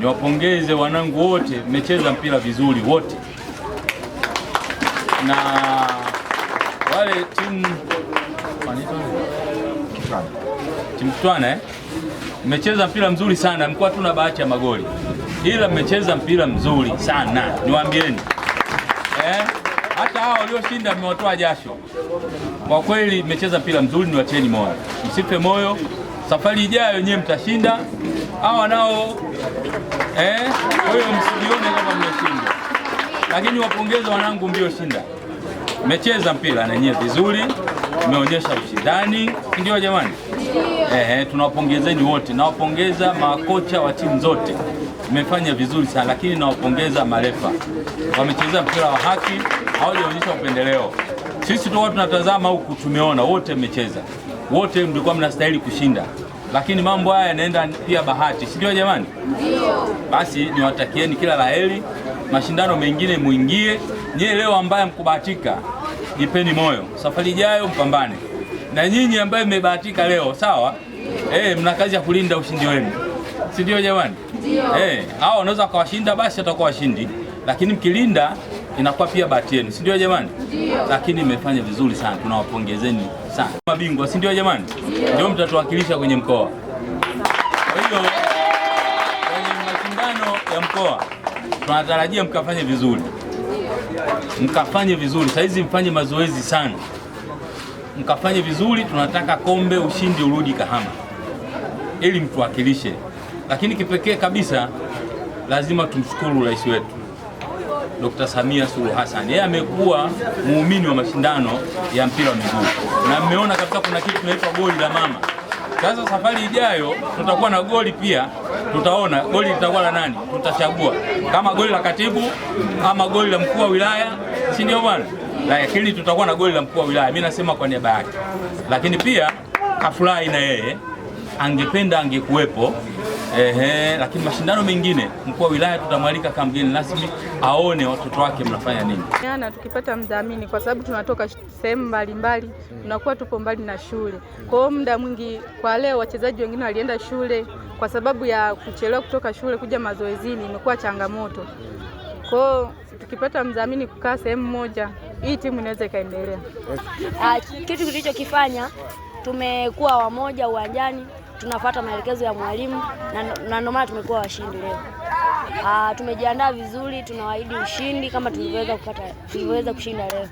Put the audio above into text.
niwapongeze wanangu wote, mmecheza mpira vizuri wote, na wale timu timu Kitwana eh? mmecheza mpira mzuri sana, mkuwa na bahati ya magoli, ila mmecheza mpira mzuri sana niwaambieni eh? hata hao walioshinda mmewatoa jasho kwa kweli, mmecheza mpira mzuri, niwacheni moyo, msipe moyo safari ijayo wenyewe mtashinda hawa nao eh. Kwa hiyo msijione kama mmeshinda, lakini wapongeze wanangu shinda, mmecheza mpira na nyewe vizuri, mmeonyesha ushindani, ndio jamani? Ehe, tunawapongezeni wote. Nawapongeza makocha wa timu zote, mmefanya vizuri sana, lakini nawapongeza marefa, wamecheza mpira wa haki, hawajaonyesha upendeleo. Sisi tu tunatazama huku, tumeona wote mmecheza, wote mlikuwa mnastahili kushinda, lakini mambo haya yanaenda pia bahati, si ndio jamani? Ndio. Basi niwatakieni kila laheri, mashindano mengine mwingie. Nyie leo ambaye mkubahatika, jipeni moyo, safari ijayo mpambane. Na nyinyi ambaye mmebahatika leo, sawa eh, mna kazi ya kulinda ushindi wenu, si ndio jamani? Ndio. Eh, hao wanaweza kawashinda basi watakuwa washindi, lakini mkilinda inakuwa pia bahati yenu, si ndio jamani? Ndio. Lakini mmefanya vizuri sana, tunawapongezeni sana. Mabingwa, si ndio jamani? Ndio mtatuwakilisha kwenye mkoa. Kwa hiyo kwenye mashindano ya mkoa tunatarajia mkafanye vizuri, mkafanye vizuri. Saa hizi mfanye mazoezi sana, mkafanye vizuri. Tunataka kombe, ushindi urudi Kahama ili mtuwakilishe, lakini kipekee kabisa lazima tumshukuru rais wetu Dr. Samia Suluhu Hassan. Yeye amekuwa muumini wa mashindano ya mpira wa miguu na mmeona kabisa kuna kitu tunaitwa goli la mama. Sasa safari ijayo tutakuwa na goli pia, tutaona goli litakuwa la nani, tutachagua kama goli la katibu ama goli la mkuu wa wilaya, si ndio bwana? Lakini tutakuwa na goli la mkuu wa wilaya, mimi nasema kwa niaba yake, lakini pia kafurahi na yeye, angependa angekuwepo ehe, lakini mashindano mengine mkuu wa wilaya tutamwalika kama mgeni rasmi aone watoto wake mnafanya nini. Yana tukipata mdhamini, kwa sababu tunatoka sehemu mbalimbali, tunakuwa tupo mbali na shule. Kwa hiyo muda mwingi, kwa leo wachezaji wengine walienda shule, kwa sababu ya kuchelewa kutoka shule kuja mazoezini imekuwa changamoto. Kwa hiyo tukipata mdhamini kukaa sehemu moja, hii timu inaweza ikaendelea. Ah, kitu kilichokifanya tumekuwa wamoja uwanjani tunafuata maelekezo ya mwalimu na ndio maana tumekuwa washindi leo. Ah, tumejiandaa vizuri, tunawaahidi ushindi kama tulivyoweza kupata tulivyoweza kushinda leo.